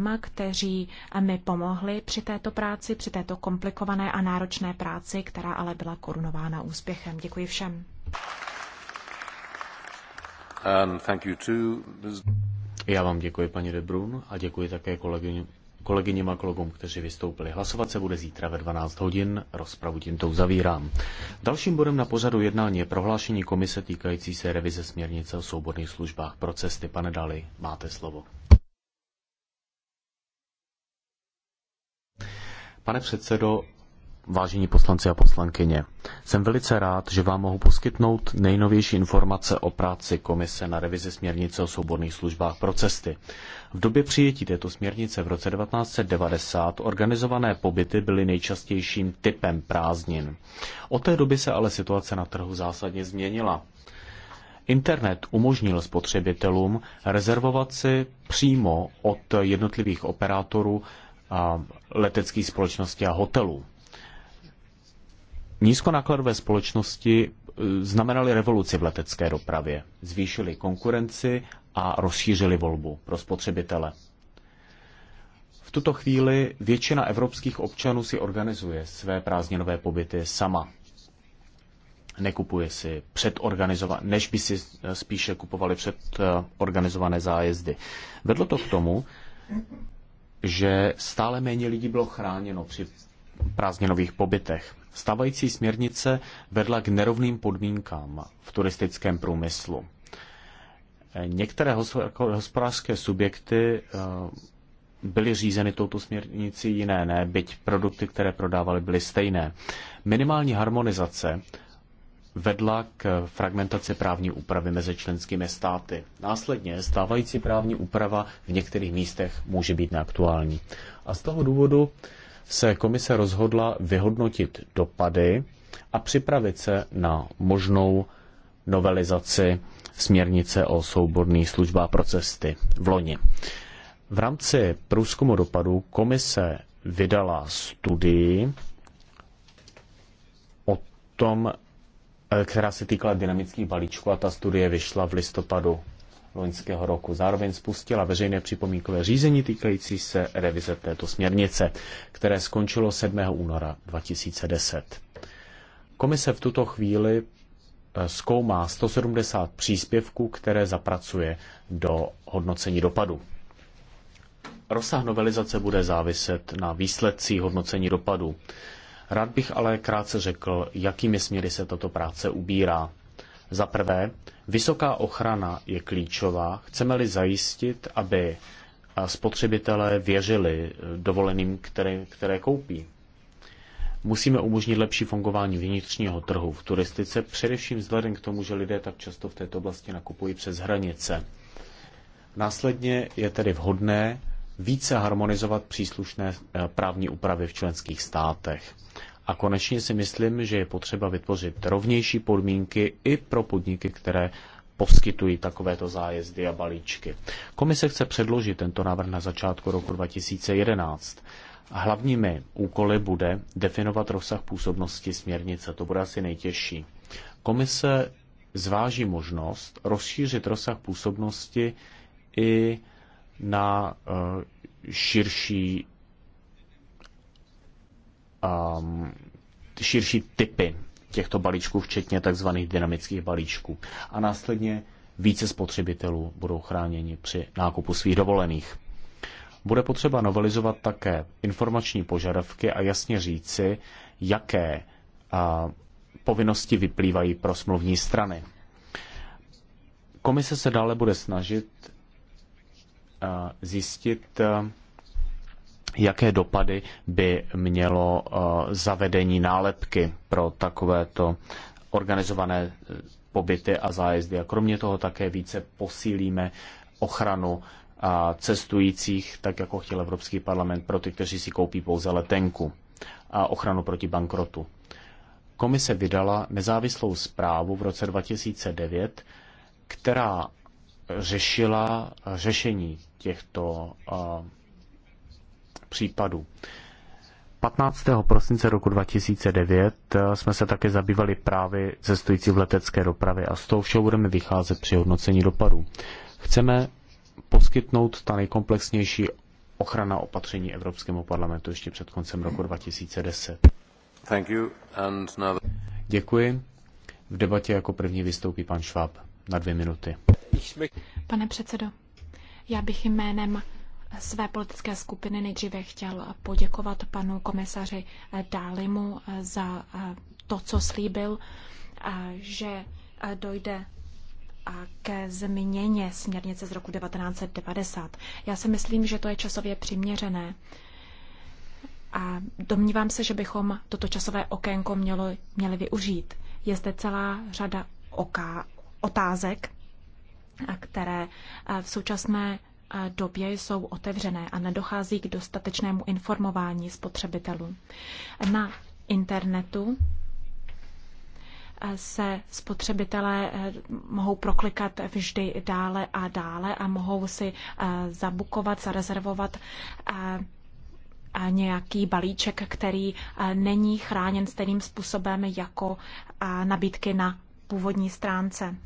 lidma, kteří mi pomohli při této práci, při této komplikované a náročné práci, která ale byla korunována úspěchem. Děkuji všem. Um, thank you too. Já vám děkuji, paní Debrun, a děkuji také kolegyně, kolegyním a kolegům, kteří vystoupili. Hlasovat se bude zítra ve 12 hodin, rozpravu tímto uzavírám. Dalším bodem na pořadu jednání je prohlášení komise týkající se revize směrnice o souborných službách pro cesty. Pane Dali, máte slovo. Pane předsedo, vážení poslanci a poslankyně, jsem velice rád, že vám mohu poskytnout nejnovější informace o práci Komise na revizi směrnice o svobodných službách pro cesty. V době přijetí této směrnice v roce 1990 organizované pobyty byly nejčastějším typem prázdnin. Od té doby se ale situace na trhu zásadně změnila. Internet umožnil spotřebitelům rezervovat si přímo od jednotlivých operátorů leteckých společností a hotelů. Nízkonákladové společnosti eh, znamenaly revoluci v letecké dopravě. Zvýšili konkurenci a rozšířili volbu pro spotřebitele. V tuto chvíli většina evropských občanů si organizuje své prázdninové pobyty sama. Nekupuje si předorganizované, než by si eh, spíše kupovali předorganizované zájezdy. Vedlo to k tomu, že stále méně lidí bylo chráněno při prázdninových pobytech. Stávající směrnice vedla k nerovným podmínkám v turistickém průmyslu. Některé jako hospodářské subjekty eh, byly řízeny touto směrnicí, jiné ne, byť produkty, které prodávaly, byly stejné. Minimální harmonizace vedla k fragmentaci právní úpravy mezi členskými státy. Následně stávající právní úprava v některých místech může být neaktuální. A z toho důvodu se komise rozhodla vyhodnotit dopady a připravit se na možnou novelizaci směrnice o souborných službách pro cesty v loni. V rámci průzkumu dopadu komise vydala studii o tom, Eh, která se týkala dynamických balíčků a ta studie vyšla v listopadu loňského roku. Zároveň spustila veřejné připomínkové řízení týkající se revize této směrnice, které skončilo 7. února 2010. Komise v tuto chvíli eh, zkoumá 170 příspěvků, které zapracuje do hodnocení dopadu. Rozsah novelizace bude záviset na výsledcích hodnocení dopadu. Rád bych ale krátce řekl, jakými směry se tato práce ubírá. Za prvé, vysoká ochrana je klíčová. Chceme-li zajistit, aby eh, spotřebitelé věřili eh, dovoleným, které, které koupí. Musíme umožnit lepší fungování vnitřního trhu v turistice, především vzhledem k tomu, že lidé tak často v této oblasti nakupují přes hranice. Následně je tedy vhodné více harmonizovat příslušné eh, právní úpravy v členských státech. A konečně si myslím, že je potřeba vytvořit rovnější podmínky i pro podniky, které poskytují takovéto zájezdy a balíčky. Komise chce předložit tento návrh na začátku roku 2011. Hlavními úkoly bude definovat rozsah působnosti směrnice. To bude asi nejtěžší. Komise zváží možnost rozšířit rozsah působnosti i na eh, širší um, širší typy těchto balíčků, včetně tzv. dynamických balíčků. A následně více spotřebitelů budou chráněni při nákupu svých dovolených. Bude potřeba novelizovat také informační požadavky a jasně říci, jaké a, eh, povinnosti vyplývají pro smluvní strany. Komise se dále bude snažit Eh, zjistit, eh, jaké dopady by mělo eh, zavedení nálepky pro takovéto organizované pobyty a zájezdy. A kromě toho také více posílíme ochranu cestujících, tak jako chtěl Evropský parlament pro ty, kteří si koupí pouze letenku a ochranu proti bankrotu. Komise vydala nezávislou zprávu v roce 2009, která řešila řešení těchto případů. 15. prosince roku 2009 jsme se také zabývali právě cestující v letecké dopravě a z toho všeho budeme vycházet při hodnocení dopadů. Chceme poskytnout ta nejkomplexnější ochrana opatření Evropskému parlamentu ještě před koncem roku 2010. Thank you. And now... Děkuji. V debatě jako první vystoupí pan Schwab na dvě minuty. Pane předsedo, já bych jménem své politické skupiny nejdříve chtěl poděkovat panu komisaři Dálimu za to, co slíbil, že dojde ke změně směrnice z roku 1990. Já si myslím, že to je časově přiměřené. A domnívám se, že bychom toto časové okénko mělo, měli využít. Je zde celá řada oká, otázek, které eh, v současné eh, době jsou otevřené a nedochází k dostatečnému informování spotřebitelů. Na internetu eh, se spotřebitelé mohou proklikat vždy dále a dále a mohou si zabukovat, zarezervovat nějaký balíček, který není chráněn stejným způsobem jako nabídky na původní stránce.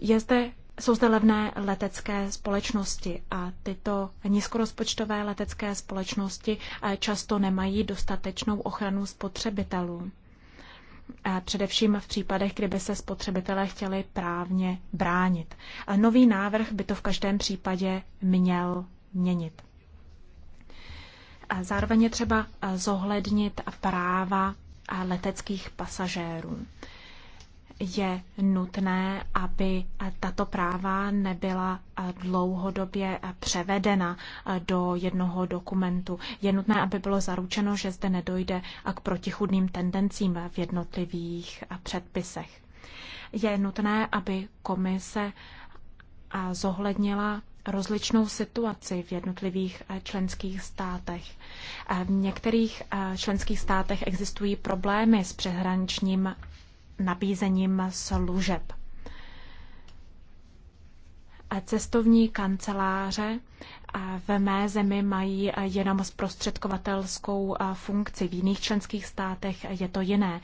Je zde, jsou zde levné letecké společnosti a tyto nízkorozpočtové letecké společnosti eh, často nemají dostatečnou ochranu spotřebitelů. Především v případech, kdyby se spotřebitelé chtěli právně bránit. Nový návrh by to v každém případě měl měnit. Zároveň je třeba eh, zohlednit práva eh, leteckých pasažérů je nutné, aby tato práva nebyla dlouhodobě převedena do jednoho dokumentu. Je nutné, aby bylo zaručeno, že zde nedojde k protichudným tendencím v jednotlivých předpisech. Je nutné, aby komise zohlednila rozličnou situaci v jednotlivých členských státech. V některých členských státech existují problémy s přehraničním nabízením služeb. Cestovní kanceláře v mé zemi mají jenom zprostředkovatelskou funkci, v jiných členských státech je to jiné.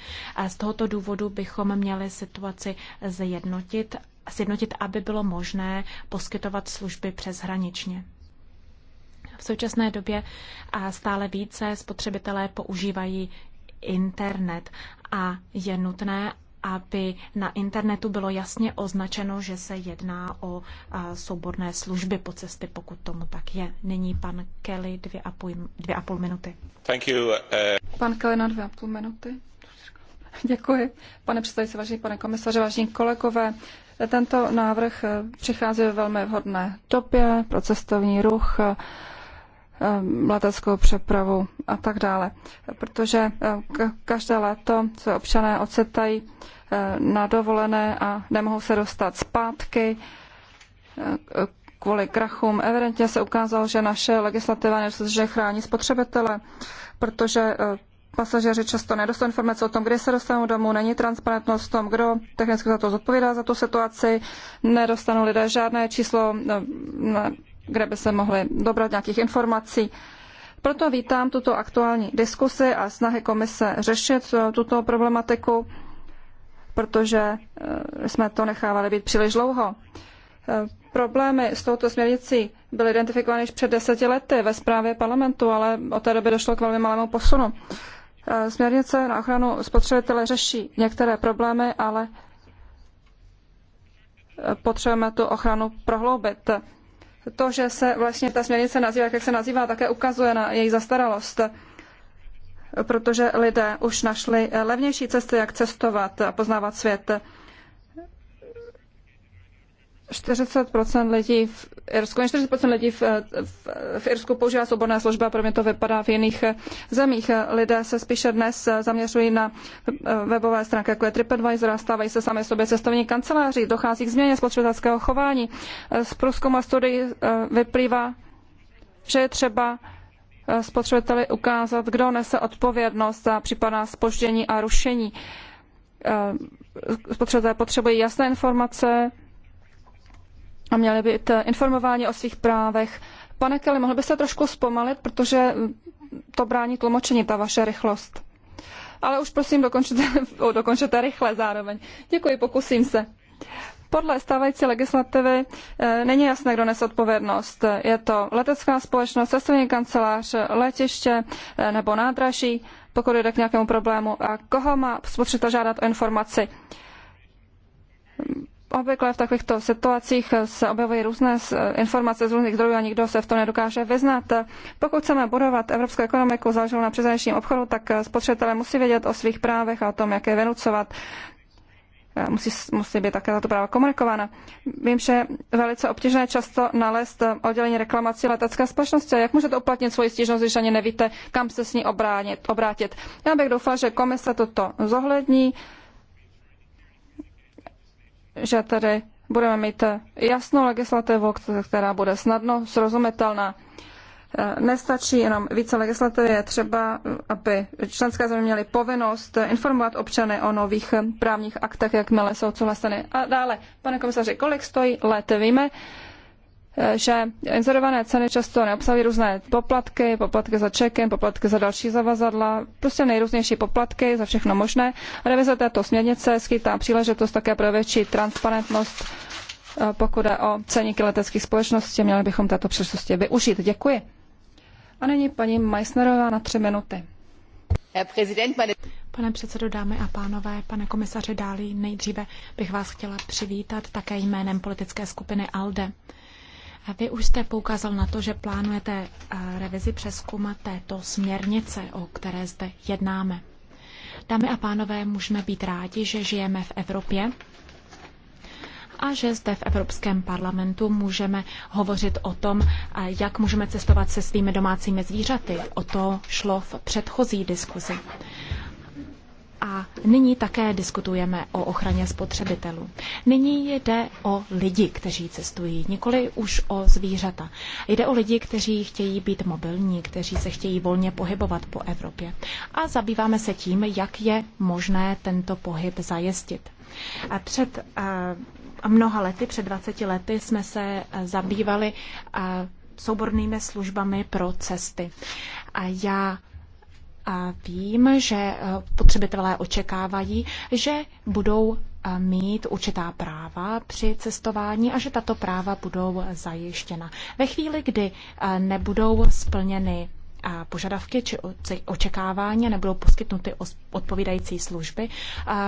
Z tohoto důvodu bychom měli situaci zjednotit, zjednotit aby bylo možné poskytovat služby přeshraničně. V současné době stále více spotřebitelé používají internet a je nutné, aby na internetu bylo jasně označeno, že se jedná o souborné služby po cesty, pokud tomu tak je. Nyní pan Kelly dvě a půl, dvě a půl minuty. Thank you, uh... Pan Kelly na dvě a půl minuty. Děkuji. Pane předsedající, vážení pane komisaře, vážení kolegové, tento návrh eh, přichází ve velmi vhodné době pro cestovní ruch. Eh, leteckou přepravu a tak dále. Protože eh, každé léto se občané ocitají eh, na dovolené a nemohou se dostat zpátky kvůli krachům. Evidentně se ukázalo, že naše legislativa že chrání spotřebitele, protože pasažeři často nedostanou informace o tom, kde se dostanou domů, není transparentnost v tom, kdo technicky za to zodpovídá za tu situaci, nedostanou lidé žádné číslo na kde by se mohli dobrat nějakých informací. Proto vítám tuto aktuální diskusi a snahy komise řešit eh, tuto problematiku, protože eh, jsme to nechávali být příliš dlouho. Eh, problémy s touto směrnicí byly identifikovány již před deseti lety ve zprávě parlamentu, ale od té doby došlo k velmi malému posunu. Směrnice na ochranu spotřebitele řeší některé problémy, ale potřebujeme tu ochranu prohloubit to, že se vlastně ta směrnice nazývá, jak se nazývá, také ukazuje na její zastaralost, protože lidé už našli levnější cesty, jak cestovat a poznávat svět. 40 lidí v Irsku, 40 lidí v, v, v Irsku používá svobodná služba, pro mě to vypadá v jiných zemích. Lidé se spíše dnes zaměřují na webové stránky, jako je TripAdvisor, stávají se sami sobě cestovní kanceláří, dochází k změně spotřebitelského chování. Z průzkumu a studií eh, vyplývá, že je třeba eh, spotřebiteli ukázat, kdo nese odpovědnost za případná spoždění a rušení. Eh, spotřebitelé potřebují jasné informace, a měli být eh, informováni o svých právech. Pane Kelly, mohl byste trošku zpomalit, protože hm, to brání tlumočení, ta vaše rychlost. Ale už prosím, dokončete, o, dokončete rychle zároveň. Děkuji, pokusím se. Podle stávající legislativy e, není jasné, kdo nese odpovědnost. Je to letecká společnost, cestovní kancelář, letiště e, nebo nádraží, pokud jde k nějakému problému. A koho má spotřebitel žádat o informaci? E, obvykle v takovýchto situacích se objevují různé informace z různých zdrojů a nikdo se v tom nedokáže vyznat. Pokud chceme budovat evropskou ekonomiku založenou na přeshraničním obchodu, tak spotřebitelé musí vědět o svých právech a o tom, jak je vynucovat. Musí, musí být také tato práva komunikována. Vím, že je velice obtížné často nalézt oddělení reklamací letecké společnosti. Jak můžete uplatnit svoji stížnost, když ani nevíte, kam se s ní obránit, obrátit? Já bych doufala, že komise toto zohlední že tady budeme mít jasnou legislativu, která bude snadno srozumitelná. Nestačí jenom více legislativy, je třeba, aby členské země měly povinnost informovat občany o nových právních aktech, jakmile jsou souhlaseny. A dále, pane komisaři, kolik stojí let, víme, Eh, že inzerované ceny často neobsahují různé poplatky, poplatky za čekem, poplatky za další zavazadla, prostě nejrůznější poplatky za všechno možné. Revize této směrnice skýtá příležitost také pro větší transparentnost, eh, pokud jde o ceníky leteckých společností. Měli bychom této příležitosti využít. Děkuji. A nyní paní Meissnerová na tři minuty. Pane předsedo, dámy a pánové, pane komisaři Dálí, nejdříve bych vás chtěla přivítat také jménem politické skupiny ALDE. Vy už jste poukázal na to, že plánujete eh, revizi přeskuma této směrnice, o které zde jednáme. Dámy a pánové, můžeme být rádi, že žijeme v Evropě a že zde v Evropském parlamentu můžeme hovořit o tom, eh, jak můžeme cestovat se svými domácími zvířaty. O to šlo v předchozí diskuzi. A nyní také diskutujeme o ochraně spotřebitelů. Nyní jde o lidi, kteří cestují, nikoli už o zvířata. Jde o lidi, kteří chtějí být mobilní, kteří se chtějí volně pohybovat po Evropě. A zabýváme se tím, jak je možné tento pohyb zajistit. A před a mnoha lety, před 20 lety, jsme se zabývali soubornými službami pro cesty. A já vím, že eh, potřebitelé očekávají, že budou eh, mít určitá práva při cestování a že tato práva budou zajištěna. Ve chvíli, kdy eh, nebudou splněny požadavky či očekávání nebudou poskytnuty odpovídající služby,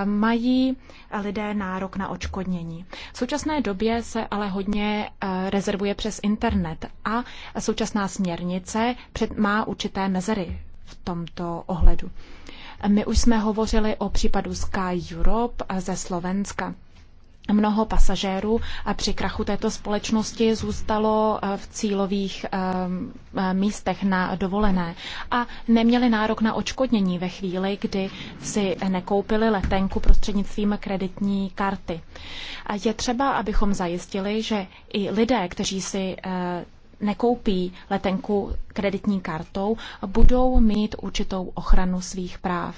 mají lidé nárok na očkodnění. V současné době se ale hodně rezervuje přes internet a současná směrnice má určité mezery v tomto ohledu. My už jsme hovořili o případu Sky Europe ze Slovenska. Mnoho pasažérů při krachu této společnosti zůstalo eh, v cílových eh, eh, místech na dovolené a neměli nárok na očkodnění ve chvíli, kdy si nekoupili letenku prostřednictvím kreditní karty. Je třeba, abychom zajistili, že i lidé, kteří si nekoupí letenku kreditní kartou, budou mít určitou ochranu svých práv.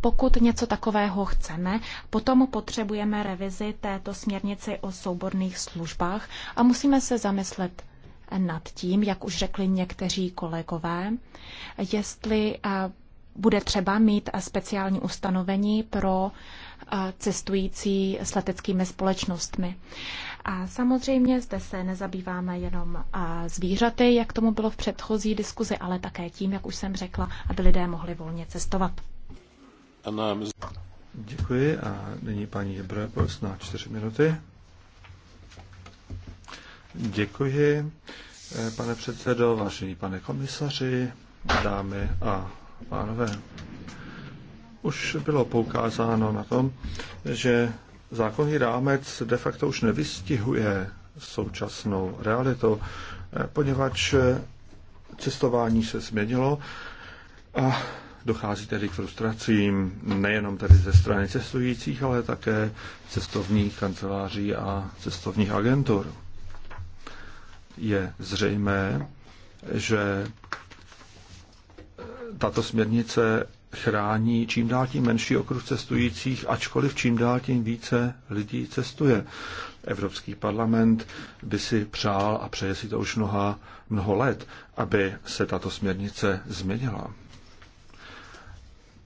Pokud něco takového chceme, potom potřebujeme revizi této směrnici o souborných službách a musíme se zamyslet nad tím, jak už řekli někteří kolegové, jestli bude třeba mít speciální ustanovení pro cestující s leteckými společnostmi. A samozřejmě zde se nezabýváme jenom zvířaty, jak tomu bylo v předchozí diskuzi, ale také tím, jak už jsem řekla, aby lidé mohli volně cestovat. Děkuji a nyní paní Jebrepos na čtyři minuty. Děkuji, eh, pane předsedo, vážení pane komisaři, dámy a pánové. Už bylo poukázáno na tom, že zákonný rámec de facto už nevystihuje současnou realitu, eh, poněvadž eh, cestování se změnilo a dochází tedy k frustracím nejenom tedy ze strany cestujících, ale také cestovních kanceláří a cestovních agentur. Je zřejmé, že eh, tato směrnice chrání čím dál tím menší okruh cestujících, ačkoliv čím dál tím více lidí cestuje. Evropský parlament by si přál a přeje si to už mnoha, mnoho let, aby se tato směrnice změnila.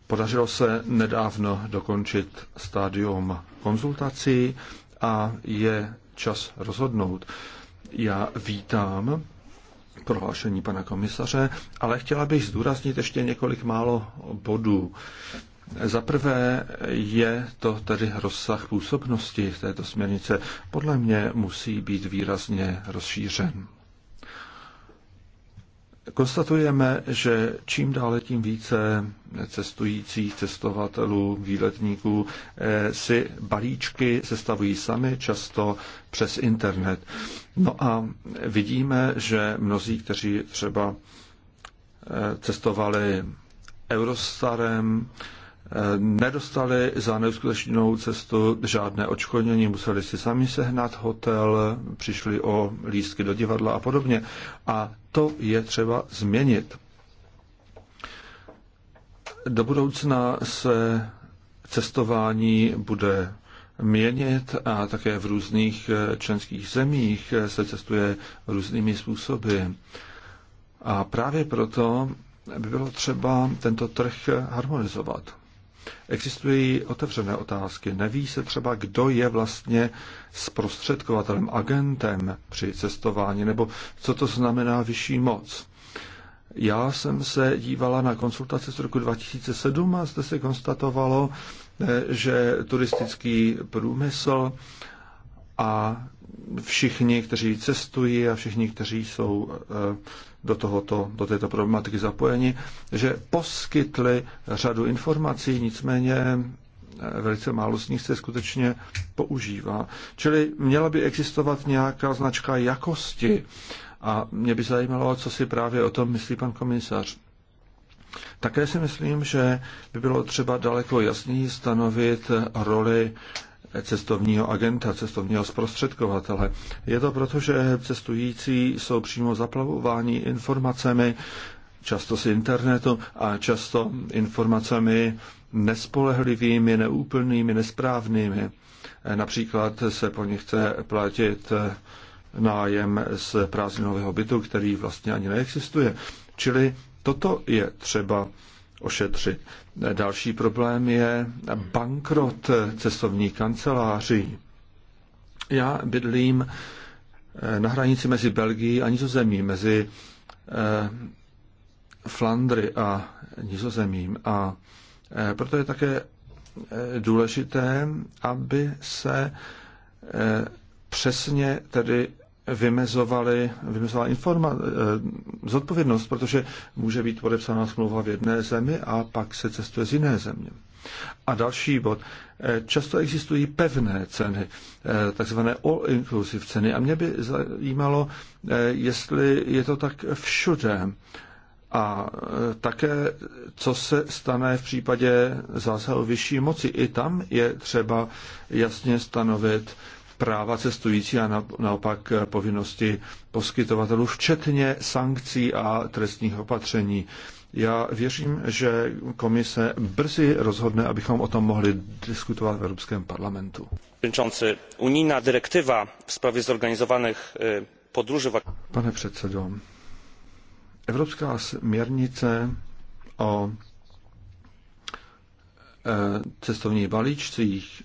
Podařilo se nedávno dokončit stádium konzultací a je čas rozhodnout. Já vítám prohlášení pana komisaře, ale chtěla bych zdůraznit ještě několik málo bodů. Za prvé je to tedy rozsah působnosti této směrnice. Podle mě musí být výrazně rozšířen. Konstatujeme, že čím dále tím více cestujících, cestovatelů, výletníků eh, si balíčky sestavují sami, často přes internet. No a vidíme, že mnozí, kteří třeba eh, cestovali Eurostarem, nedostali za neuskutečnou cestu žádné odškodnění, museli si sami sehnat hotel, přišli o lístky do divadla a podobně. A to je třeba změnit. Do budoucna se cestování bude měnit a také v různých eh, členských zemích eh, se cestuje různými způsoby. A právě proto by bylo třeba tento trh harmonizovat. Existují otevřené otázky. Neví se třeba, kdo je vlastně zprostředkovatelem, agentem při cestování, nebo co to znamená vyšší moc. Já jsem se dívala na konsultaci z roku 2007 a zde se konstatovalo, eh, že turistický průmysl a všichni, kteří cestují a všichni, kteří jsou eh, do, tohoto, do této problematiky zapojeni, že poskytli řadu informací, nicméně eh, velice málo z nich se skutečně používá. Čili měla by existovat nějaká značka jakosti a mě by zajímalo, co si právě o tom myslí pan komisař. Také si myslím, že by bylo třeba daleko jasněji stanovit roli cestovního agenta, cestovního zprostředkovatele. Je to proto, že cestující jsou přímo zaplavováni informacemi, často z internetu a často informacemi nespolehlivými, neúplnými, nesprávnými. Například se po nich chce platit nájem z prázdninového bytu, který vlastně ani neexistuje. Čili toto je třeba ošetřit. Další problém je bankrot cestovních kanceláří. Já bydlím eh, na hranici mezi Belgií a Nizozemí, mezi eh, Flandry a Nizozemím. A eh, proto je také důležité, aby se přesně tedy vymezovali, vymezovala informa, eh, zodpovědnost, protože může být podepsána smlouva v jedné zemi a pak se cestuje z jiné země. A další bod. Eh, často existují pevné ceny, eh, takzvané all-inclusive ceny. A mě by zajímalo, jestli je to tak všude. A také, co se stane v případě zásahu vyšší moci. I tam je třeba jasně stanovit práva cestující a naopak povinnosti poskytovatelů, včetně sankcí a trestních opatření. Já věřím, že komise brzy rozhodne, abychom o tom mohli diskutovat v Evropském parlamentu. Unijná direktiva v sprawie zorganizovaných podruží. Pane předsedo, Evropská směrnice o e, cestovních balíčcích,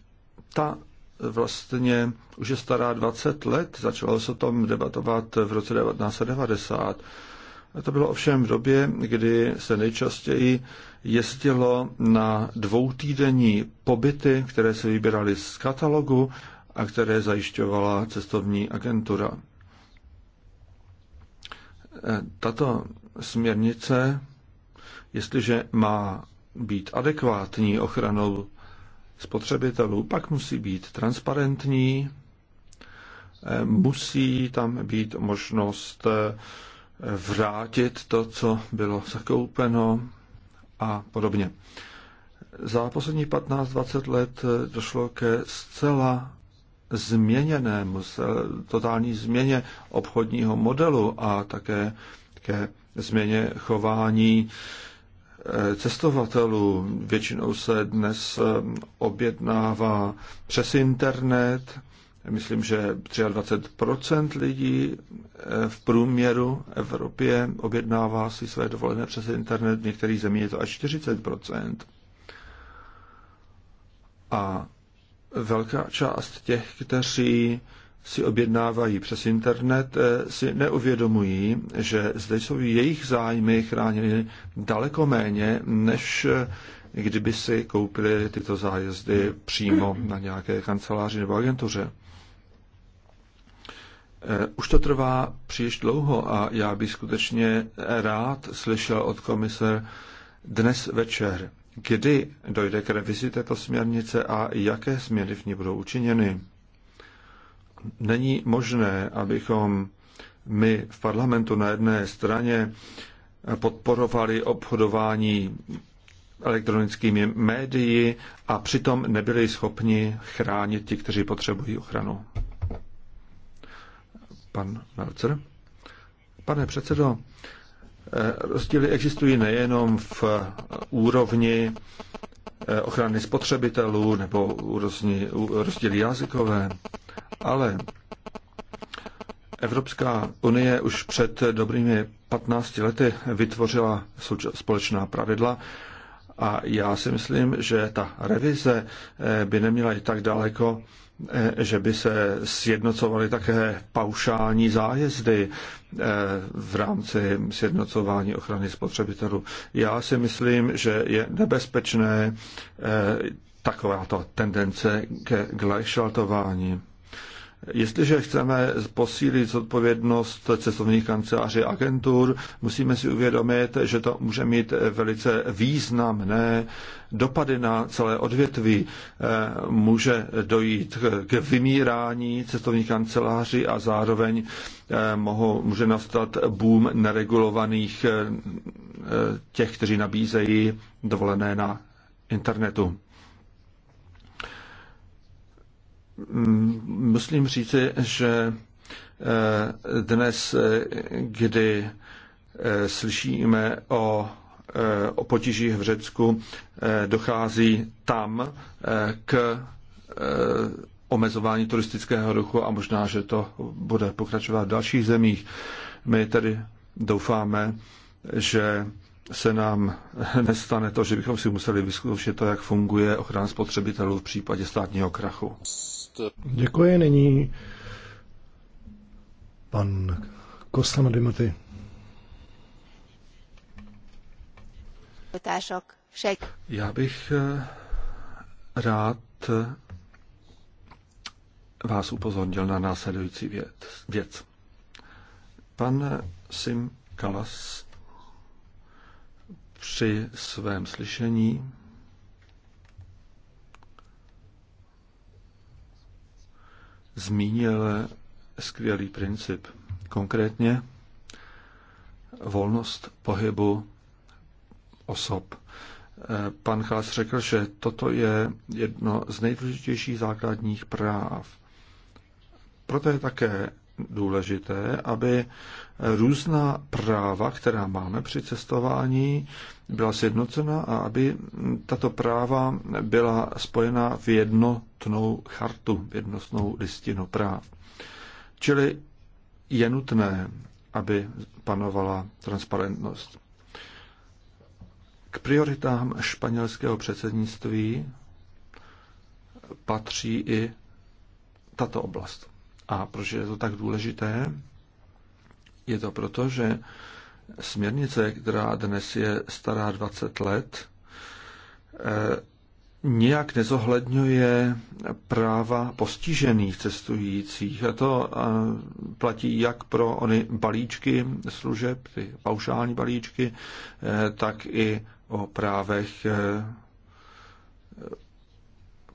ta vlastně už je stará 20 let, začalo se o tom debatovat v roce 1990. A to bylo ovšem v době, kdy se nejčastěji jezdilo na dvoutýdenní pobyty, které se vybíraly z katalogu a které zajišťovala cestovní agentura. Tato směrnice, jestliže má být adekvátní ochranou spotřebitelů pak musí být transparentní, eh, musí tam být možnost eh, vrátit to, co bylo zakoupeno a podobně. Za poslední 15-20 let eh, došlo ke zcela změněnému, totální změně obchodního modelu a také ke změně chování cestovatelů. Většinou se dnes eh, objednává přes internet. Myslím, že 23 lidí eh, v průměru Evropě objednává si své dovolené přes internet. V některých zemích je to až 40 A velká část těch, kteří si objednávají přes internet, eh, si neuvědomují, že zde jsou jejich zájmy chráněny daleko méně, než eh, kdyby si koupili tyto zájezdy přímo na nějaké kanceláři nebo agentuře. Eh, už to trvá příliš dlouho a já bych skutečně rád slyšel od komise dnes večer, kdy dojde k revizi této směrnice a jaké změny v ní budou učiněny není možné, abychom my v parlamentu na jedné straně podporovali obchodování elektronickými médii a přitom nebyli schopni chránit ti, kteří potřebují ochranu. Pan Melcer. Pane předsedo, rozdíly existují nejenom v úrovni ochrany spotřebitelů nebo rozdíly jazykové. Ale Evropská unie už před dobrými 15 lety vytvořila společná pravidla a já si myslím, že ta revize eh, by neměla jít tak daleko, eh, že by se sjednocovaly také paušální zájezdy eh, v rámci sjednocování ochrany spotřebitelů. Já si myslím, že je nebezpečné takováto tendence ke gleichschaltování. Jestliže chceme posílit zodpovědnost cestovních kanceláří agentur, musíme si uvědomit, že to může mít velice významné dopady na celé odvětví. Eh, může dojít k vymírání cestovních kanceláří a zároveň eh, mohou, může nastat boom neregulovaných eh, těch, kteří nabízejí dovolené na internetu. musím říci, že eh, dnes, eh, kdy eh, slyšíme o, o potížích v Řecku, dochází tam k omezování turistického ruchu a možná, že to bude pokračovat v dalších zemích. My tedy doufáme, že se nám nestane to, že bychom si museli vyzkoušet to, jak funguje ochrana spotřebitelů v případě státního krachu. Děkuji, nyní pan Kostan Dimaty. Já bych eh, rád eh, vás upozornil na následující věc. věc. Pan Sim Kalas při svém slyšení zmínil skvělý princip. Konkrétně volnost pohybu osob. Pan Chás řekl, že toto je jedno z nejdůležitějších základních práv. Proto je také důležité, aby různá práva, která máme při cestování, byla sjednocena a aby tato práva byla spojena v jednotnou chartu, v jednotnou listinu práv. Čili je nutné, aby panovala transparentnost. K prioritám španělského předsednictví patří i tato oblast. A proč je to tak důležité? Je to proto, že směrnice, která dnes je stará 20 let, eh, nijak nezohledňuje práva postižených cestujících. A to eh, platí jak pro ony balíčky služeb, ty paušální balíčky, eh, tak i o právech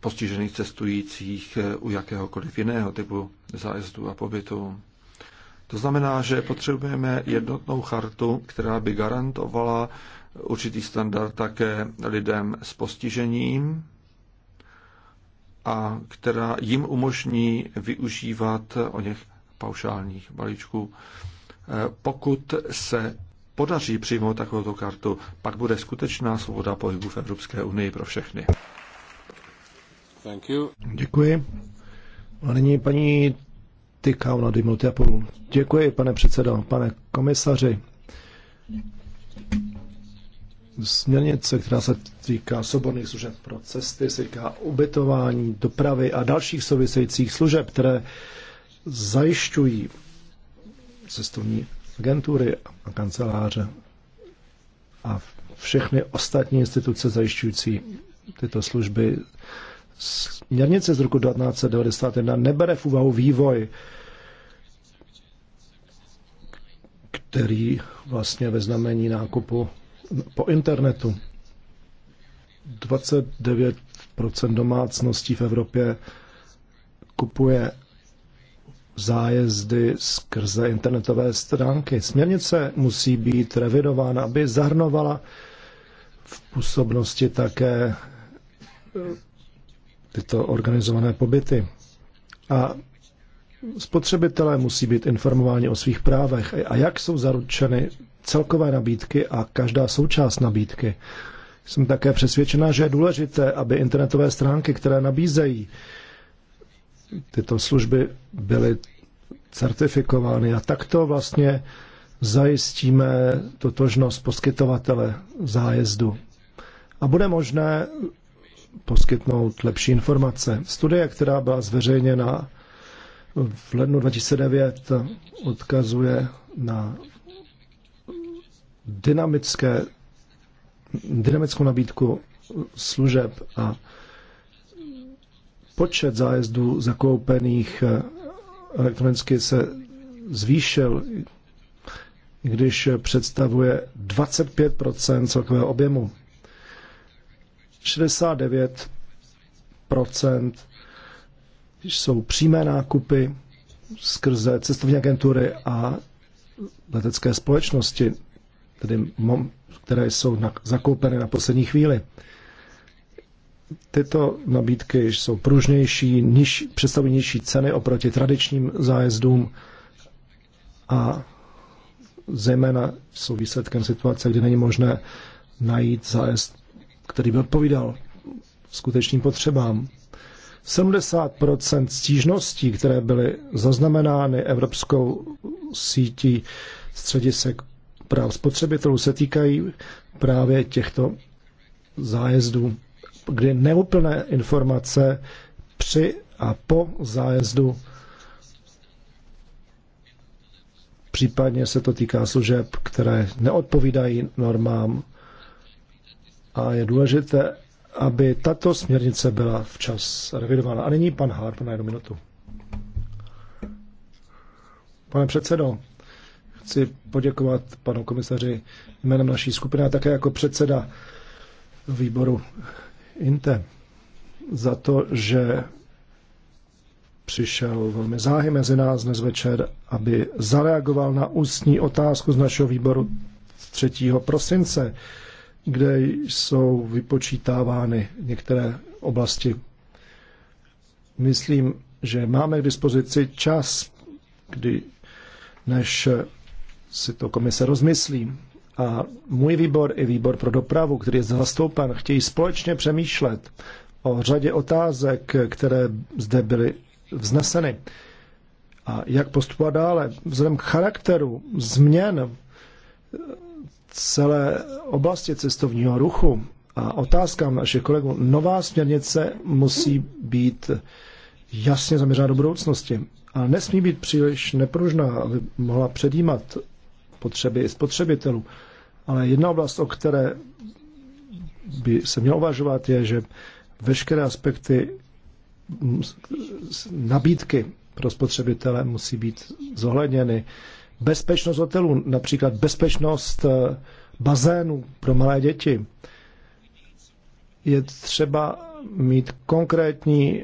postižených cestujících eh, u jakéhokoliv jiného typu zájezdu a pobytu. To znamená, že potřebujeme jednotnou chartu, která by garantovala určitý standard také lidem s postižením a která jim umožní využívat o něch paušálních balíčků. Eh, pokud se podaří přijmout takovou kartu, pak bude skutečná svoboda pohybu v Evropské unii pro všechny. Děkuji. A nyní paní Tykau na minuty a půl. Děkuji, pane předsedo, pane komisaři. Směrnice, která se týká soborných služeb pro cesty, se týká ubytování, dopravy a dalších souvisejících služeb, které zajišťují cestovní agentury a kanceláře a všechny ostatní instituce zajišťující tyto služby Směrnice z roku 1991 nebere v úvahu vývoj, který vlastně ve znamení nákupu po internetu. 29 domácností v Evropě kupuje zájezdy skrze internetové stránky. Směrnice musí být revidována, aby zahrnovala v působnosti také tyto organizované pobyty. A spotřebitelé musí být informováni o svých právech a jak jsou zaručeny celkové nabídky a každá součást nabídky. Jsem také přesvědčená, že je důležité, aby internetové stránky, které nabízejí tyto služby, byly certifikovány. A takto vlastně zajistíme totožnost poskytovatele zájezdu. A bude možné poskytnout lepší informace. Studie, která byla zveřejněna v lednu 2009, odkazuje na dynamické, dynamickou nabídku služeb a počet zájezdů zakoupených elektronicky se zvýšil, když představuje 25 celkového objemu 69 jsou přímé nákupy skrze cestovní agentury a letecké společnosti, tedy které jsou na, zakoupeny na poslední chvíli. Tyto nabídky jsou pružnější, niž, představují nižší ceny oproti tradičním zájezdům a zejména jsou výsledkem situace, kdy není možné najít zájezd který by odpovídal skutečným potřebám. 70 stížností, které byly zaznamenány Evropskou sítí středisek práv spotřebitelů, se týkají právě těchto zájezdů, kdy neúplné informace při a po zájezdu případně se to týká služeb, které neodpovídají normám a je důležité, aby tato směrnice byla včas revidována. A nyní pan Harp na jednu minutu. Pane předsedo, chci poděkovat panu komisaři jménem naší skupiny a také jako předseda výboru INTE za to, že přišel velmi záhy mezi nás dnes večer, aby zareagoval na ústní otázku z našeho výboru 3. prosince kde jsou vypočítávány některé oblasti. Myslím, že máme k dispozici čas, kdy, než si to komise rozmyslí. A můj výbor i výbor pro dopravu, který je zastoupen, chtějí společně přemýšlet o řadě otázek, které zde byly vzneseny. A jak postupovat dále? Vzhledem k charakteru změn celé oblasti cestovního ruchu a otázkám našich kolegů, nová směrnice musí být jasně zaměřena do budoucnosti a nesmí být příliš nepružná, aby mohla předjímat potřeby spotřebitelů. Ale jedna oblast, o které by se mělo uvažovat, je, že veškeré aspekty nabídky pro spotřebitele musí být zohledněny bezpečnost hotelů, například bezpečnost eh, bazénů pro malé děti. Je třeba mít konkrétní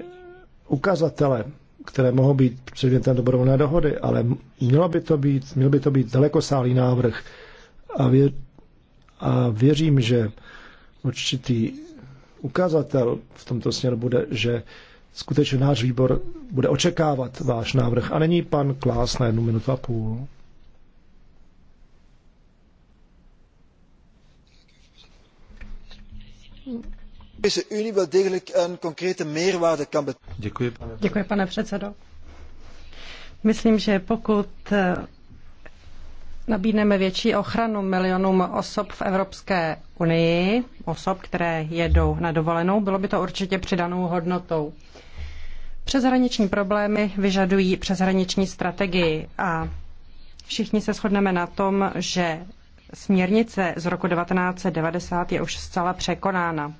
ukazatele, které mohou být předmětem dobrovolné dohody, ale mělo by to být, měl by to být dalekosálý návrh. A, vě, a věřím, že určitý ukazatel v tomto směru bude, že skutečně náš výbor bude očekávat váš návrh. A není pan Klás na jednu minutu a půl. Děkuji, pane, předsedo. Myslím, že pokud eh, nabídneme větší ochranu milionům osob v Evropské unii, osob, které jedou na dovolenou, bylo by to určitě přidanou hodnotou. Přeshraniční problémy vyžadují přeshraniční strategii a všichni se shodneme na tom, že směrnice z roku 1990 je už zcela překonána.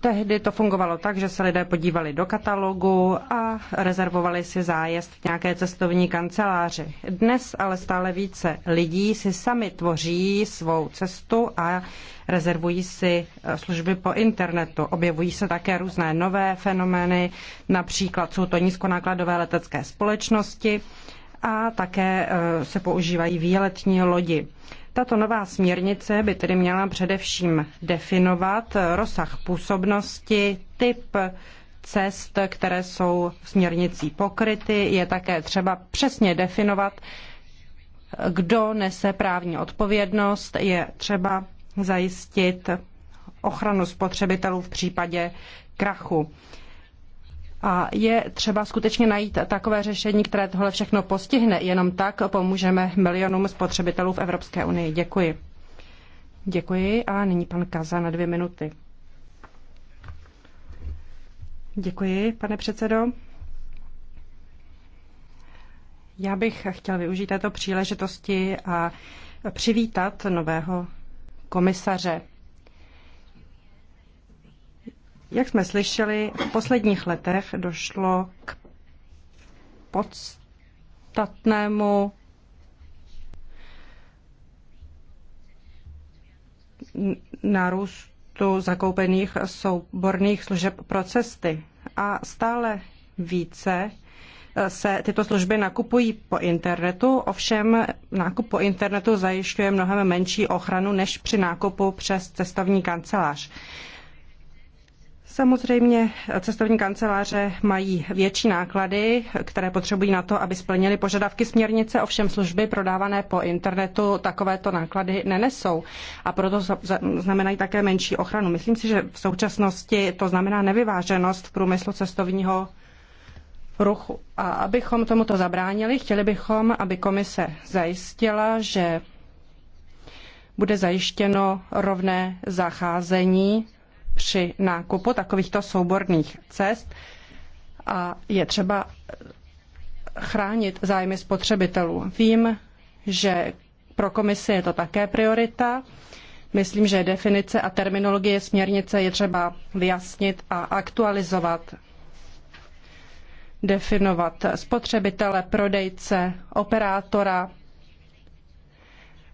Tehdy to fungovalo tak, že se lidé podívali do katalogu a rezervovali si zájezd v nějaké cestovní kanceláři. Dnes ale stále více lidí si sami tvoří svou cestu a rezervují si eh, služby po internetu. Objevují se také různé nové fenomény, například jsou to nízkonákladové letecké společnosti, a také e, se používají výletní lodi. Tato nová směrnice by tedy měla především definovat e, rozsah působnosti, typ cest, které jsou směrnicí pokryty. Je také třeba přesně definovat, kdo nese právní odpovědnost. Je třeba zajistit ochranu spotřebitelů v případě krachu. A je třeba skutečně najít takové řešení, které tohle všechno postihne. Jenom tak pomůžeme milionům spotřebitelů v Evropské unii. Děkuji. Děkuji a nyní pan Kaza na dvě minuty. Děkuji, pane předsedo. Já bych chtěl využít této příležitosti a přivítat nového komisaře. Jak jsme slyšeli, v posledních letech došlo k podstatnému nárůstu zakoupených souborných služeb pro cesty a stále více eh, se tyto služby nakupují po internetu, ovšem nákup po internetu zajišťuje mnohem menší ochranu než při nákupu přes cestovní kancelář. Samozřejmě cestovní kanceláře mají větší náklady, které potřebují na to, aby splnili požadavky směrnice, ovšem služby prodávané po internetu takovéto náklady nenesou a proto znamenají také menší ochranu. Myslím si, že v současnosti to znamená nevyváženost v průmyslu cestovního ruchu. A abychom tomuto zabránili, chtěli bychom, aby komise zajistila, že bude zajištěno rovné zacházení při nákupu takovýchto souborných cest a je třeba chránit zájmy spotřebitelů. Vím, že pro komisi je to také priorita. Myslím, že definice a terminologie směrnice je třeba vyjasnit a aktualizovat. Definovat spotřebitele, prodejce, operátora,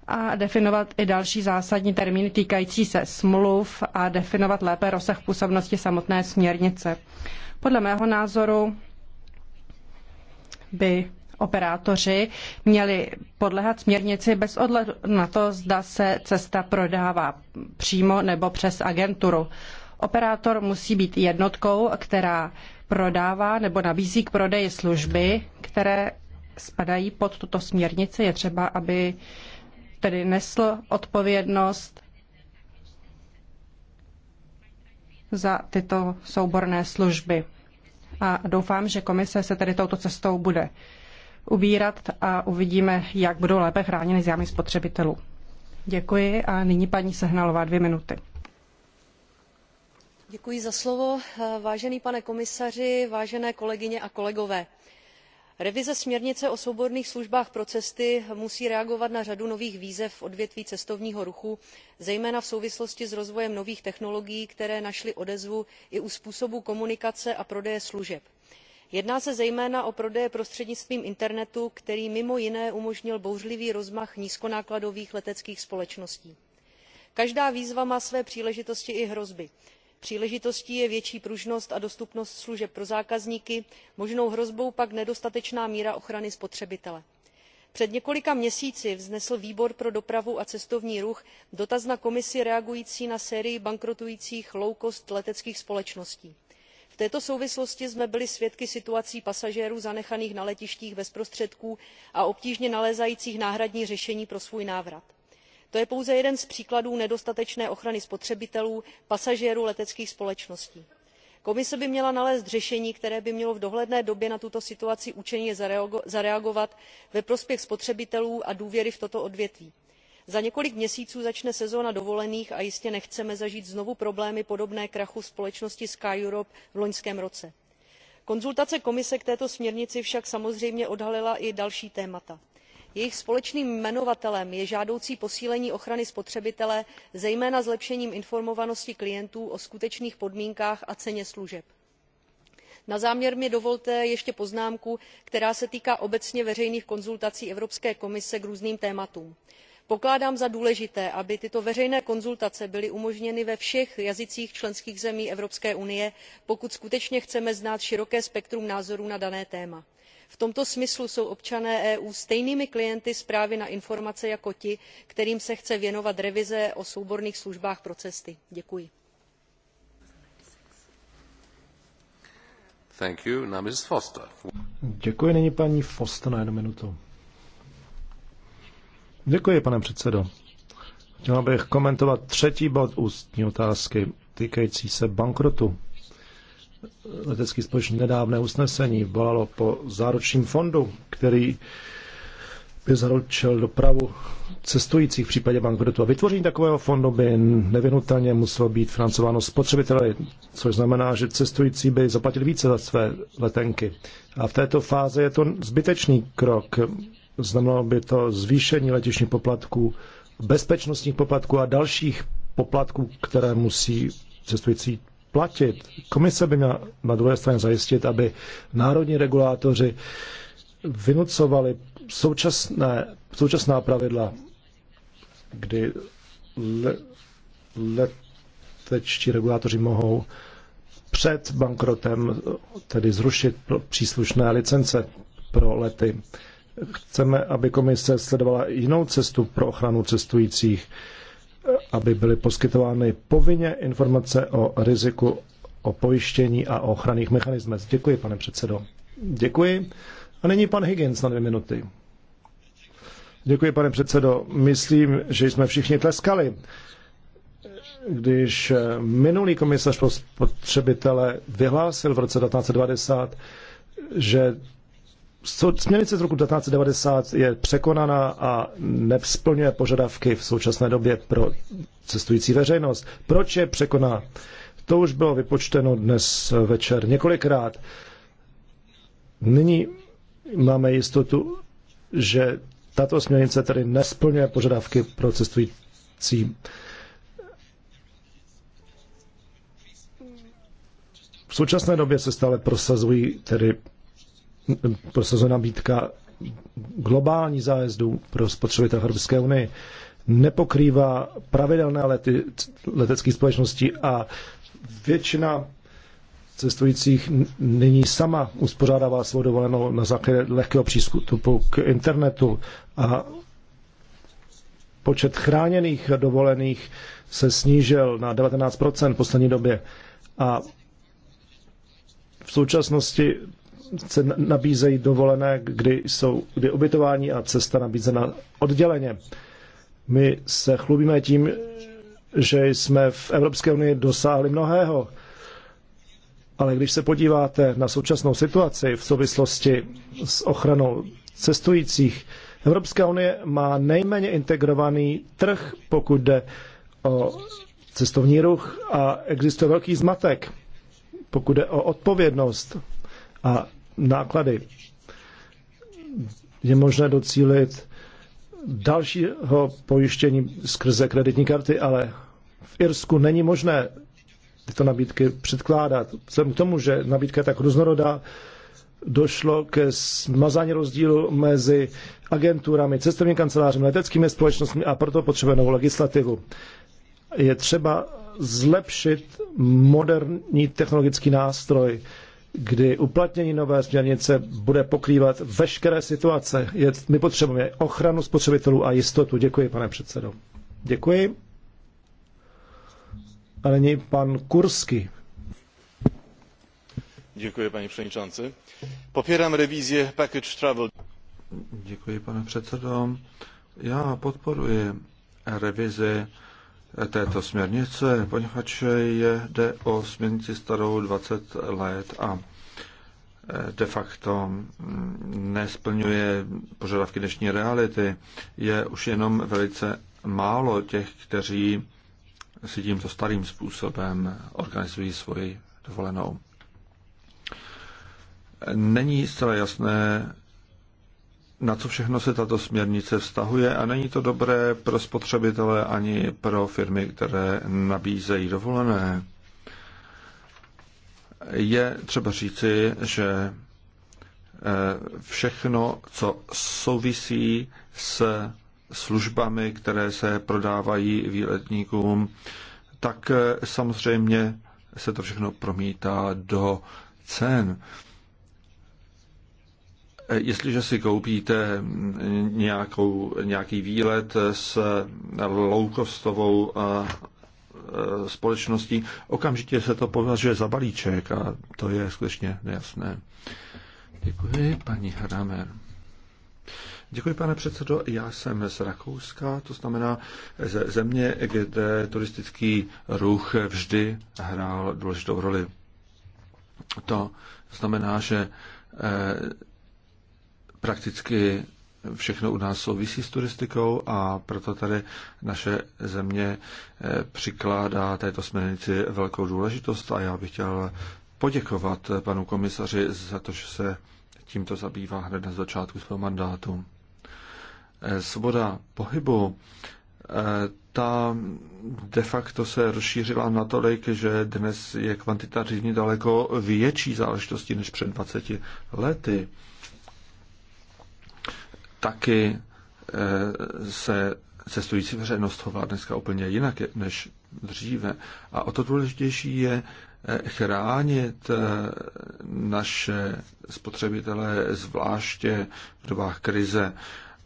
a definovat i další zásadní termíny týkající se smluv a definovat lépe rozsah působnosti samotné směrnice. Podle mého názoru by operátoři měli podlehat směrnici bez ohledu na to, zda se cesta prodává přímo nebo přes agenturu. Operátor musí být jednotkou, která prodává nebo nabízí k prodeji služby, které spadají pod tuto směrnici. Je třeba, aby tedy nesl odpovědnost za tyto souborné služby. A doufám, že komise se tedy touto cestou bude ubírat a uvidíme, jak budou lépe chráněny zájmy spotřebitelů. Děkuji a nyní paní Sehnalová dvě minuty. Děkuji za slovo. Vážený pane komisaři, vážené kolegyně a kolegové revize směrnice o svobodných službách pro cesty musí reagovat na řadu nových výzev v odvětví cestovního ruchu zejména v souvislosti s rozvojem nových technologií které našly odezvu i u způsobu komunikace a prodeje služeb. jedná se zejména o prodeje prostřednictvím internetu který mimo jiné umožnil bouřlivý rozmach nízkonákladových leteckých společností. každá výzva má své příležitosti i hrozby příležitostí je větší pružnost a dostupnost služeb pro zákazníky možnou hrozbou pak nedostatečná míra ochrany spotřebitele. před několika měsíci vznesl výbor pro dopravu a cestovní ruch dotaz na komisi reagující na sérii bankrotujících low cost leteckých společností. v této souvislosti jsme byli svědky situací pasažérů zanechaných na letištích bez prostředků a obtížně nalézajících náhradní řešení pro svůj návrat to je pouze jeden z příkladů nedostatečné ochrany spotřebitelů pasažérů leteckých společností. komise by měla nalézt řešení které by mělo v dohledné době na tuto situaci účinně zareagovat ve prospěch spotřebitelů a důvěry v toto odvětví. za několik měsíců začne sezóna dovolených a jistě nechceme zažít znovu problémy podobné krachu společnosti skyeurope v loňském roce. konzultace komise k této směrnici však samozřejmě odhalila i další témata jejich společným jmenovatelem je žádoucí posílení ochrany spotřebitele zejména zlepšením informovanosti klientů o skutečných podmínkách a ceně služeb. na závěr mi dovolte ještě poznámku která se týká obecně veřejných konzultací evropské komise k různým tématům pokládám za důležité aby tyto veřejné konzultace byly umožněny ve všech jazycích členských zemí evropské unie pokud skutečně chceme znát široké spektrum názorů na dané téma. v tomto smyslu jsou občané eu stejnými klienty zprávy na informace jako ti kterým se chce věnovat revize o souborných službách pro cesty. děkuji. Děkuji, Děkuji, pane předsedo. Chtěl bych komentovat třetí bod ústní otázky týkající se bankrotu. Letecký společný nedávné usnesení volalo po záročním fondu, který by zaručil dopravu cestujících v případě bankrotu. A vytvoření takového fondu by nevinutelně muselo být financováno spotřebiteli, což znamená, že cestující by zaplatili více za své letenky. A v této fázi je to zbytečný krok. Znamenalo by to zvýšení letišních poplatků, bezpečnostních poplatků a dalších poplatků, které musí cestující platit. Komise by měla na druhé straně zajistit, aby národní regulátoři vynucovali současné, současná pravidla, kdy le, letečtí regulátoři mohou před bankrotem tedy zrušit příslušné licence pro lety. Chceme, aby komise sledovala jinou cestu pro ochranu cestujících, aby byly poskytovány povinně informace o riziku, o pojištění a o ochranných mechanismech. Děkuji, pane předsedo. Děkuji. A nyní pan Higgins na dvě minuty. Děkuji, pane předsedo. Myslím, že jsme všichni tleskali, když minulý komisař pro spotřebitele vyhlásil v roce 1990, že Směrnice z roku 1990 je překonaná a nesplňuje požadavky v současné době pro cestující veřejnost. Proč je překoná? To už bylo vypočteno dnes večer několikrát. Nyní máme jistotu, že tato směrnice tedy nesplňuje požadavky pro cestující. V současné době se stále prosazují tedy prosazena nabídka globální zájezdu pro spotřebitel Evropské unie nepokrývá pravidelné lety leteckých společností a většina cestujících nyní sama uspořádává svou dovolenou na základě lehkého přístupu k internetu a počet chráněných dovolených se snížil na 19% v poslední době a v současnosti se nabízejí dovolené, kdy, jsou, kdy ubytování a cesta nabízena odděleně. My se chlubíme tím, že jsme v Evropské unii dosáhli mnohého, ale když se podíváte na současnou situaci v souvislosti s ochranou cestujících, Evropská unie má nejméně integrovaný trh, pokud jde o cestovní ruch a existuje velký zmatek, pokud jde o odpovědnost. A náklady. Je možné docílit dalšího pojištění skrze kreditní karty, ale v Irsku není možné tyto nabídky předkládat. Vzhledem k tomu, že nabídka je tak různorodá, došlo ke smazání rozdílu mezi agenturami, cestovními kancelářemi, leteckými společnostmi a proto potřebuje novou legislativu. Je třeba zlepšit moderní technologický nástroj, kdy uplatnění nové směrnice bude pokrývat veškeré situace. Je, my potřebujeme ochranu spotřebitelů a jistotu. Děkuji, pane předsedo. Děkuji. A nyní pan Kurský. Děkuji, paní předsedající. Popírám revizi package travel. Děkuji, pane předsedo. Já podporuji revizi této směrnice, poněvadž jde o směrnici starou 20 let a e, de facto nesplňuje požadavky dnešní reality. Je už jenom velice málo těch, kteří si tímto starým způsobem organizují svoji dovolenou. Není zcela jasné, na co všechno se tato směrnice vztahuje a není to dobré pro spotřebitele ani pro firmy, které nabízejí dovolené. Je třeba říci, že eh, všechno, co souvisí s službami, které se prodávají výletníkům, tak eh, samozřejmě se to všechno promítá do cen. Jestliže si koupíte nějakou, nějaký výlet s loukostovou společností, okamžitě se to považuje za balíček a to je skutečně nejasné. Děkuji, paní Hramer. Děkuji, pane předsedo. Já jsem z Rakouska, to znamená ze země, kde turistický ruch vždy hrál důležitou roli. To znamená, že eh, prakticky všechno u nás souvisí s turistikou a proto tady naše země eh, přikládá této směrnici velkou důležitost a já bych chtěl poděkovat panu komisaři za to, že se tímto zabývá hned na začátku svého mandátu. Eh, svoboda pohybu, eh, ta de facto se rozšířila natolik, že dnes je kvantitativně daleko větší záležitostí než před 20 lety taky eh, se cestující veřejnost chová dneska úplně jinak než dříve. A o to důležitější je eh, chránit eh, naše spotřebitele, zvláště v dobách krize,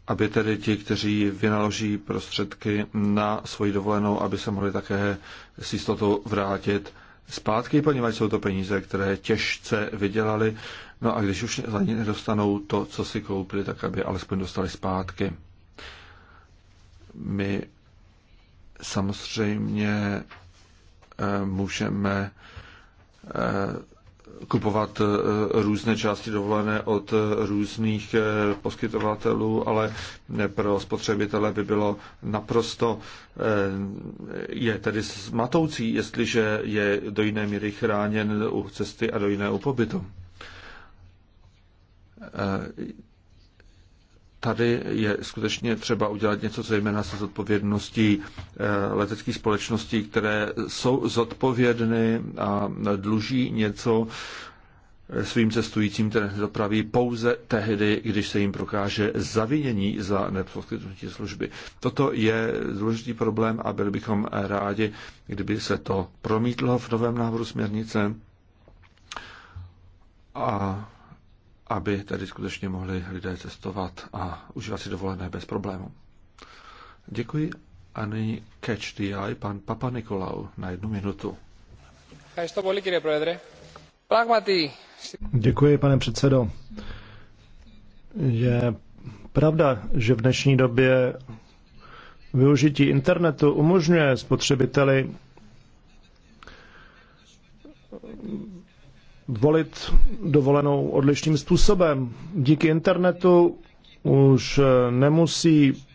aby tedy ti, kteří vynaloží prostředky na svoji dovolenou, aby se mohli také s jistotou vrátit zpátky, poněvadž jsou to peníze, které těžce vydělali No a když už za ně nedostanou to, co si koupili, tak aby alespoň dostali zpátky. My samozřejmě eh, můžeme eh, kupovat eh, různé části dovolené od různých poskytovatelů, ale pro spotřebitele by bylo naprosto je tedy matoucí, jestliže je do jiné míry chráněn u cesty a do jiné u pobytu. Eh, tady je skutečně třeba udělat něco zejména se zodpovědností eh, leteckých společností, které jsou zodpovědny a dluží něco eh, svým cestujícím, které dopraví pouze tehdy, když se jim prokáže zavinění za neposkytnutí služby. Toto je důležitý problém a byli bychom rádi, kdyby se to promítlo v novém návrhu směrnice. A aby tedy skutečně mohli lidé cestovat a užívat si dovolené bez problémů. Děkuji a nyní Catch the Eye, pan Papa Nikolau, na jednu minutu. Děkuji, pane předsedo. Je pravda, že v dnešní době využití internetu umožňuje spotřebiteli volit dovolenou odlišným způsobem. Díky internetu už nemusí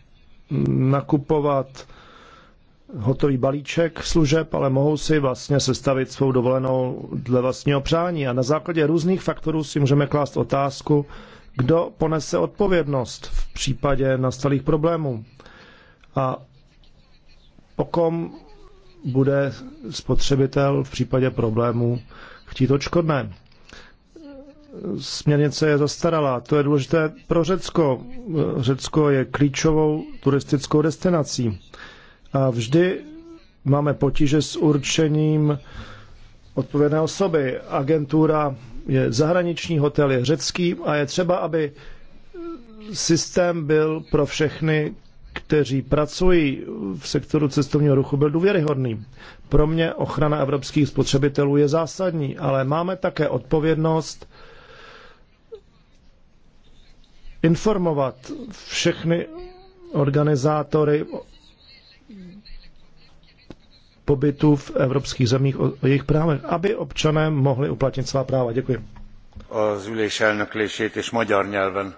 nakupovat hotový balíček služeb, ale mohou si vlastně sestavit svou dovolenou dle vlastního přání. A na základě různých faktorů si můžeme klást otázku, kdo ponese odpovědnost v případě nastalých problémů. A po kom bude spotřebitel v případě problémů chtít odškodné. Směrnice je zastaralá, to je důležité pro Řecko. Řecko je klíčovou turistickou destinací. A vždy máme potíže s určením odpovědné osoby. Agentura je zahraniční, hotel je řecký a je třeba, aby systém byl pro všechny kteří pracují v sektoru cestovního ruchu, byl důvěryhodný. Pro mě ochrana evropských spotřebitelů je zásadní, ale máme také odpovědnost informovat všechny organizátory pobytu v evropských zemích o jejich právech, aby občané mohli uplatnit svá práva. Děkuji. Az ülés elnöklését és magyar nyelven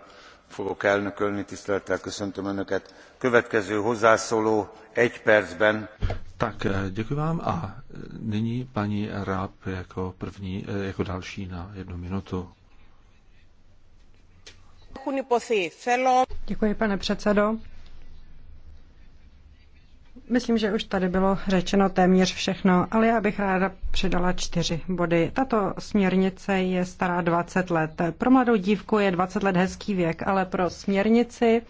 fogok elnökölni tisztelettel köszöntöm önöket következő hozzászóló egy percben tak eh, děkuji vám a eh, nyní paní jako první, eh, jako další na jednu minutu. Děkuji, pane předsedo. Myslím, že už tady bylo řečeno téměř všechno, ale já bych ráda přidala čtyři body. Tato směrnice je stará 20 let. Pro mladou dívku je 20 let hezký věk, ale pro směrnici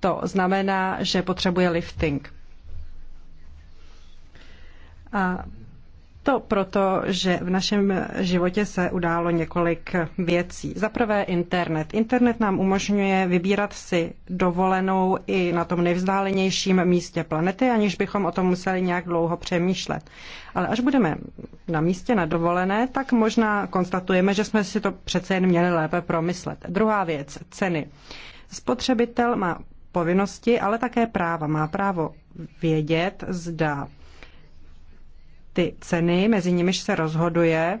to znamená, že potřebuje lifting. A to proto, že v našem životě se událo několik věcí. Za prvé internet. Internet nám umožňuje vybírat si dovolenou i na tom nejvzdálenějším místě planety, aniž bychom o tom museli nějak dlouho přemýšlet. Ale až budeme na místě na dovolené, tak možná konstatujeme, že jsme si to přece jen měli lépe promyslet. Druhá věc, ceny. Spotřebitel má povinnosti, ale také práva. Má právo vědět, zda ty ceny, mezi nimiž se rozhoduje, e,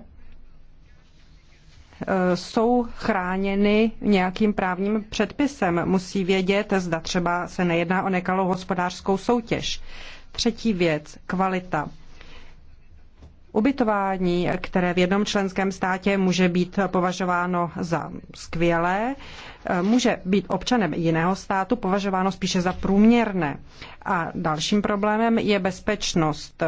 jsou chráněny nějakým právním předpisem. Musí vědět, zda třeba se nejedná o nekalou hospodářskou soutěž. Třetí věc, kvalita. Ubytování, které v jednom členském státě může být považováno za skvělé, e, může být občanem jiného státu považováno spíše za průměrné. A dalším problémem je bezpečnost.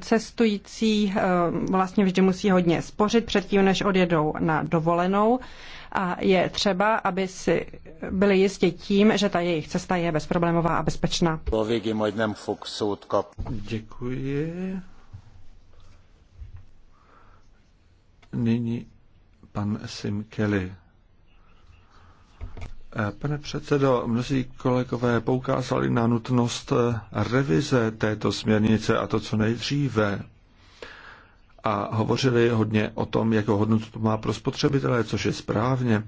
Cestující eh, vlastně vždy musí hodně spořit předtím, než odjedou na dovolenou a je třeba, aby si byli jistě tím, že ta jejich cesta je bezproblémová a bezpečná. Děkuji. Nyní pan Simkeli. Kelly. Pane předsedo, mnozí kolegové poukázali na nutnost eh, revize této směrnice a to co nejdříve. A hovořili hodně o tom, jakou hodnotu to má pro spotřebitele, což je správně.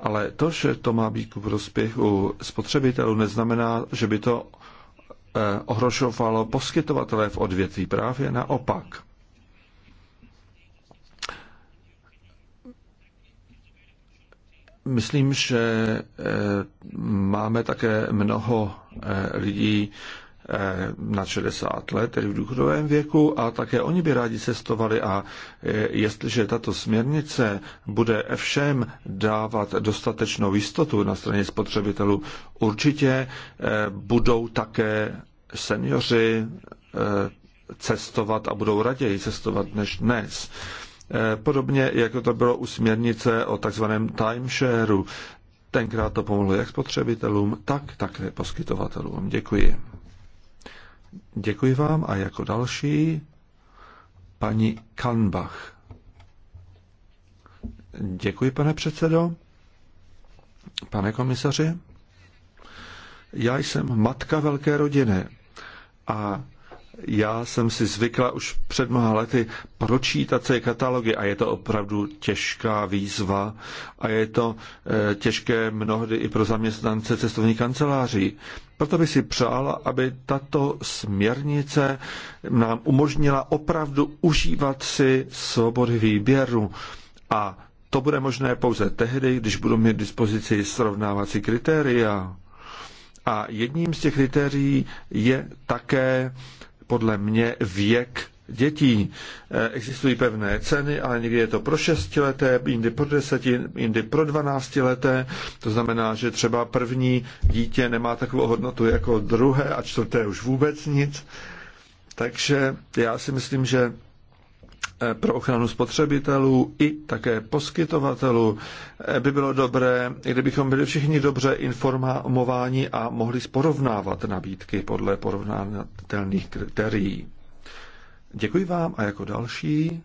Ale to, že to má být ku prospěchu spotřebitelů, neznamená, že by to eh, ohrožovalo poskytovatele v odvětví. Právě naopak. Myslím, že eh, máme také mnoho eh, lidí eh, na 60 let, tedy v důchodovém věku, a také oni by rádi cestovali a jestliže tato směrnice bude všem dávat dostatečnou jistotu na straně spotřebitelů, určitě budou také seniori cestovat a budou raději cestovat než dnes. Eh, podobně, jako to bylo u směrnice o takzvaném timeshareu. Tenkrát to pomohlo jak spotřebitelům, tak také poskytovatelům. Děkuji. Děkuji vám a jako další paní Kanbach. Děkuji, pane předsedo. Pane komisaři, já jsem matka velké rodiny a já jsem si zvykla už před mnoha lety pročítat ty katalogy a je to opravdu těžká výzva a je to eh, těžké mnohdy i pro zaměstnance cestovní kanceláří. Proto bych si přála, aby tato směrnice nám umožnila opravdu užívat si svobody výběru a to bude možné pouze tehdy, když budou mít dispozici srovnávací kritéria. A jedním z těch kritérií je také podle mě věk dětí. E, existují pevné ceny, ale někdy je to pro šestileté, jindy pro deseti, jindy pro dvanáctileté. To znamená, že třeba první dítě nemá takovou hodnotu jako druhé a čtvrté už vůbec nic. Takže já si myslím, že pro ochranu spotřebitelů i také poskytovatelů. By bylo dobré, kdybychom byli všichni dobře informováni a mohli sporovnávat nabídky podle porovnatelných kritérií. Děkuji vám a jako další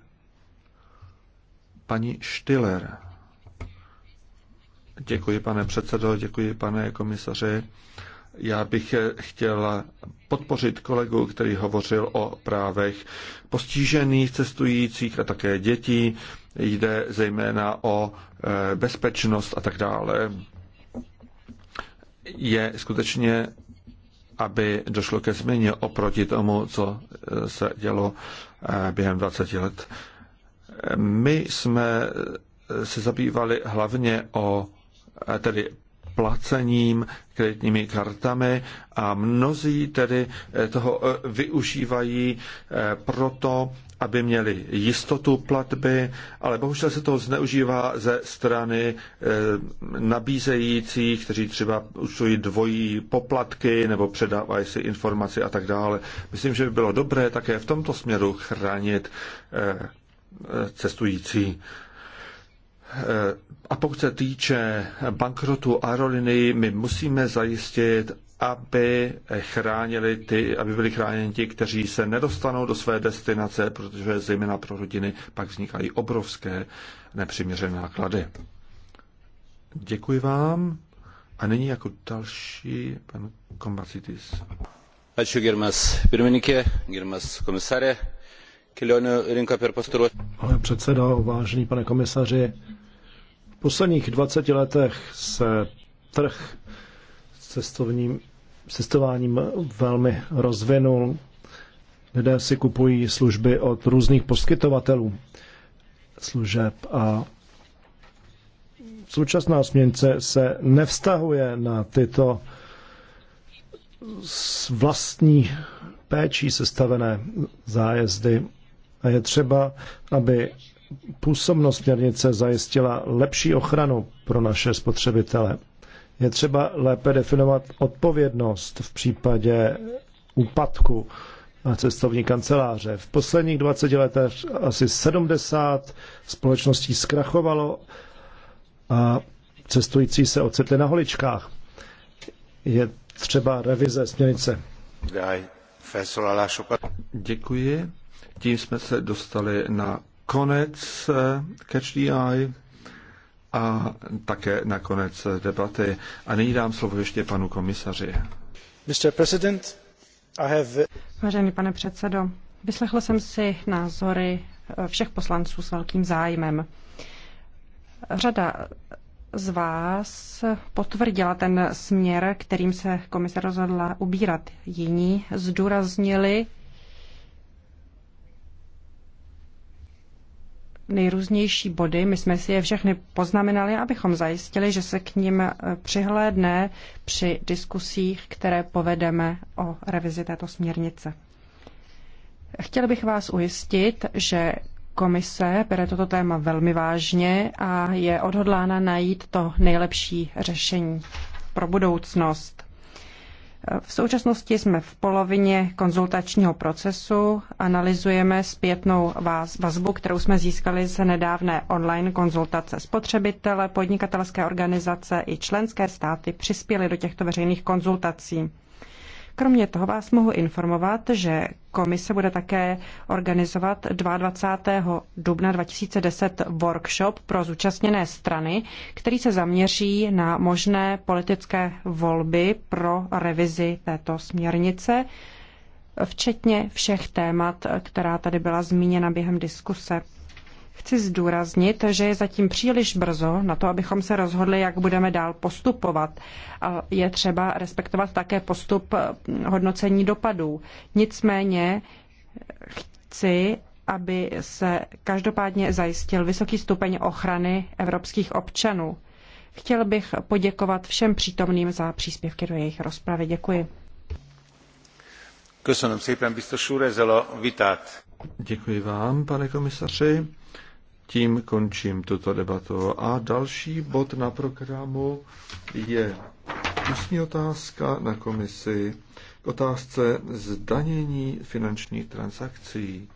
paní Štiller. Děkuji, pane předsedo, děkuji, pane komisaři. Já bych chtěl podpořit kolegu, který hovořil o právech postižených cestujících a také dětí. Jde zejména o e, bezpečnost a tak dále. Je skutečně, aby došlo ke změně oproti tomu, co e, se dělo e, během 20 let. My jsme se zabývali hlavně o tedy placením kreditními kartami a mnozí tedy eh, toho eh, využívají eh, proto, aby měli jistotu platby, ale bohužel se to zneužívá ze strany nabízejících, kteří třeba účtují dvojí poplatky nebo předávají si informaci a tak dále. Myslím, že by bylo dobré také v tomto směru chránit cestující. Eh, a pokud se týče bankrotu aerolinií, my musíme zajistit, aby, chránili ty, aby byli chráněni ti, kteří se nedostanou do své destinace, protože zejména pro rodiny pak vznikají obrovské nepřiměřené náklady. Děkuji vám. A nyní jako další pan Kombacitis. Ačiū, gerbiamas pirmininkė, gerbiamas komisarė. Kelionių rinka per pastaruosius. Pane předsedo, vážený pane komisaři, posledních 20 letech se trh s cestovním, cestováním velmi rozvinul. Lidé si kupují služby od různých poskytovatelů služeb a současná směnce se nevztahuje na tyto vlastní péčí sestavené zájezdy a je třeba, aby působnost směrnice zajistila lepší ochranu pro naše spotřebitele. Je třeba lépe definovat odpovědnost v případě úpadku a cestovní kanceláře. V posledních 20 letech asi 70 společností zkrachovalo a cestující se ocitli na holičkách. Je třeba revize směrnice. Děkuji. Tím jsme se dostali na konec eh, Catch the Eye a také na konec eh, debaty. A nyní dám slovo ještě panu komisaři. Mr. President, I have... Vážený pane předsedo, vyslechl jsem si názory eh, všech poslanců s velkým zájmem. Řada z vás potvrdila ten směr, kterým se komise rozhodla ubírat. Jiní zdůraznili nejrůznější body. My jsme si je všechny poznamenali, abychom zajistili, že se k ním eh, přihlédne při diskusích, které povedeme o revizi této směrnice. Chtěl bych vás ujistit, že komise bere toto téma velmi vážně a je odhodlána najít to nejlepší řešení pro budoucnost. V současnosti jsme v polovině konzultačního procesu, analyzujeme zpětnou vazbu, kterou jsme získali z nedávné online konzultace. Spotřebitele, podnikatelské organizace i členské státy přispěly do těchto veřejných konzultací. Kromě toho vás mohu informovat, že komise bude také organizovat 22. dubna 2010 workshop pro zúčastněné strany, který se zaměří na možné politické volby pro revizi této směrnice, včetně všech témat, která tady byla zmíněna během diskuse. Chci zdůraznit, že je zatím příliš brzo na to, abychom se rozhodli, jak budeme dál postupovat. A je třeba respektovat také postup eh, hodnocení dopadů. Nicméně eh, chci, aby se každopádně zajistil vysoký stupeň ochrany evropských občanů. Chtěl bych poděkovat všem přítomným za příspěvky do jejich rozpravy. Děkuji. Děkuji vám, pane komisaři. Tím končím tuto debatu. A další bod na programu je ústní otázka na komisi k otázce zdanění finančních transakcí.